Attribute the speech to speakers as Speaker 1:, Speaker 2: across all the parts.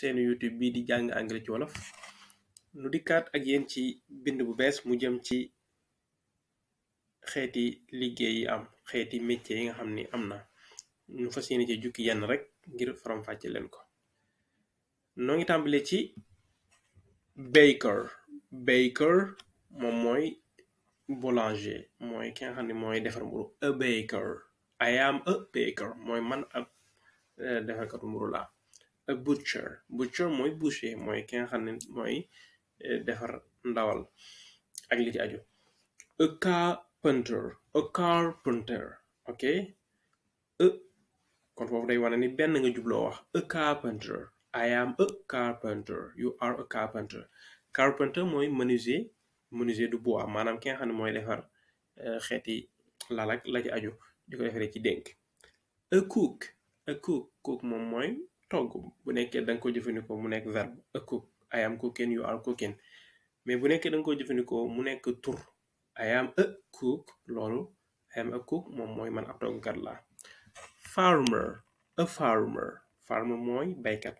Speaker 1: seeni YouTube bii di jàng anglais ci wolof nu dikkaat ak yéen ci bind bu bees mu jëm ci xeeti liggéey yi am xeeti métier yi nga xam ni am na nu fas yéene ci jukki yenn rek ngir faram-fàcce leen ko noo ngi ci baker baker moom mooy boulanger mooy ki nga xam ne mooy defar mburu a baker I a baker mooy man ab eh, defarkatu mburu laa a butcher butcher mooy boucher mooy ki nga xam ne mooy eh, defar ndawal ak li ci aju a carpenter a carpenter ok e kon foofu day wane ni benn nga jubloo wax a carpenter I am a carpenter you are a carpenter carpenter mooy menuisier menuisier du bois maanaam ki nga xam ne mooy defar eh, xeeti lalak la ci aju di ko defaree ci dénk a cook a cook cook moom mooy togg bu nekkee da nga ko jëfandikoo mu nekk verbe a cook I am cooking you are mais bu nekkee da nga ko jëfandikoo mu nekk tur I am a cook loolu I a cook moom mooy man ab toggkat la farmer a farmer farmer mooy baykat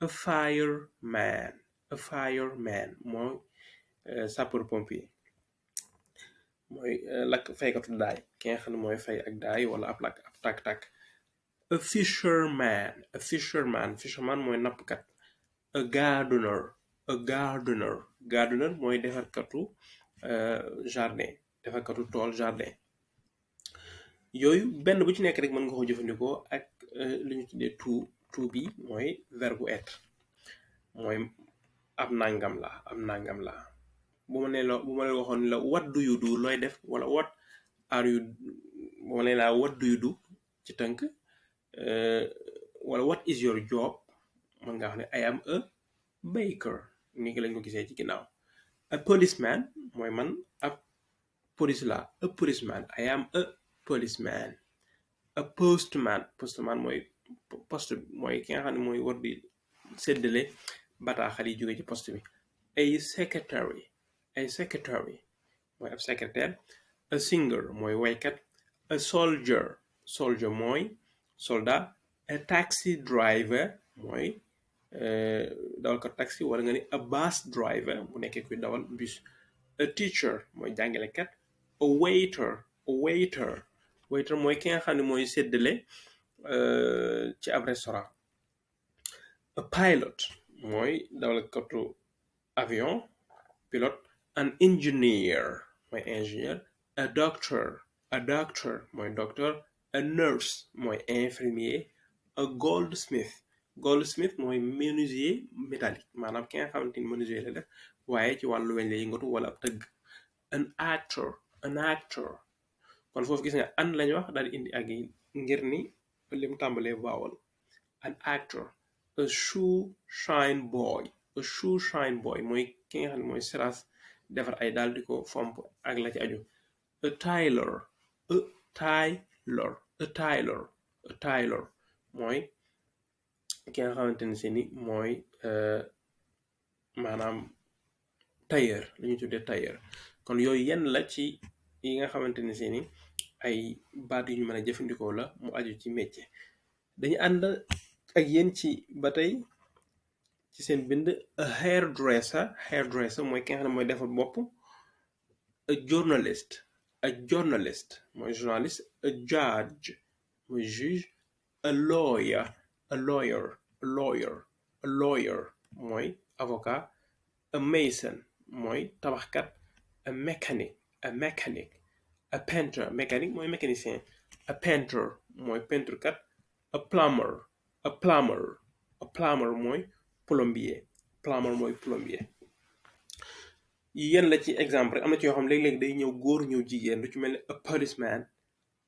Speaker 1: a fireman a fireman mooy euh, sapeur pompier mooy euh, lakk faykatu daay ki nga mooy fay ak daay wala ab lakk ab tàkk-tàkk a fisherman a fisherman fisherman mooy nappkat a gardener a gardener gardener mooy defarkatu euh, jardin defarkatu tool jardin yooyu benn bu ci nekk rek mën nga ko jëfandikoo ak euh, li ñu tuddee to to be mooy verbe être mooy ab nangam la ab nangam la bu ma nee la bu ma la waxoon la what do looy def wala what are you bu ma nee laa what do ci tënk Eh, wala what is your job mën nga xam ne I am a baker ni ngi lañ ko gisee ci ginnaaw a policeman mooy man ab police la a policeman I am a policeman a postman mooy poste mooy ki xam ne mooy war di séddale bataaxal yi jóge ci poste bi ay secretary ay secretary mooy ab secrétaire a singer mooy waykat a soldier soldier mooy solda a eh, taxi driver mooy eh, dawal ko taxi wala nga ni a bus driver mu nekkee kuy dawal bus a teacher mooy jàngalekat a waiter a waiter waiter mooy ki nga xam ne mooy séddale eh, ci ab restaurant a pilot mooy dawalkatu avion pilote an engineer mooy ingénieur a doctor a doctor mooy docteur a nurse mooy infirmier a goldsmith goldsmith mooy menuisier métallique maanaam ki nga xamante ni menuisier la waaye ci wàllu weñ la yëngatu wala ab tëgg an actor an actor kon foofu gis nga an lañu wax daal indi ak yi ngir ni lim tàmbalee waawal an actor a shoe shine boy a shoe shine boy mooy ki nga xam ne mooy siras defar ay daal di ko fomp ak la ci aju a tailor a tailor tailor a tailor a tailor mooy ki nga xamante ne si ni mooy euh, maanaam tailleur li ñu tuddee tailleur kon yooyu yenn la ci yi nga xamante ne seeni ay baat yu ñu mën a jëfandikoo la mu aju ci métier dañu ànd ak yéen ci ba tey ci seen bind a hairdresser hairdresser mooy ki nga xam ne mooy defar bopp a journalist a journalist mooy journaliste a judge mooy juge a lawyer a lawyer a lawyer a lawyer mooy avocat a mason mooy tabaxkat a mechanic a mechanic a painter mécanique mooy mécanicien a painter mooy peintre cat a plumber a plumber a plumber mooy plombier plumber mooy plombier yenn la ci exemple am na ci yoo xam léeg-léeg day ñëw góor ñëw jigéen lu ci mel ni a policeman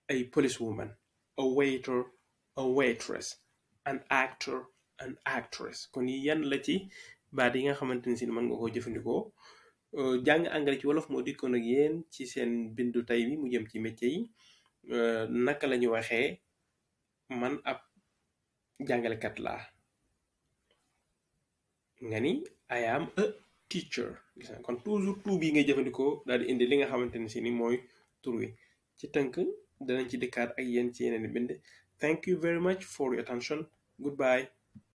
Speaker 1: a policewoman a waiter a waitress an actor an actress kon yan la ci baat yi nga xamante ni si mën nga koo jëfandikoo euh, jàng anglais ci wolof moo dikkoon ak yéen ci seen bindu tey bi mu jëm ci métier yi euh, naka la ñu waxee man ab jàngalekat la nga ni I a teacher gis nga kon toujours tout ngay jëfandikoo daal di li nga xamante ne si ni mooy tur wi ci tënk danañ ci dikkaat ak yéen ci yeneen bind thank you very much for your attention goodbye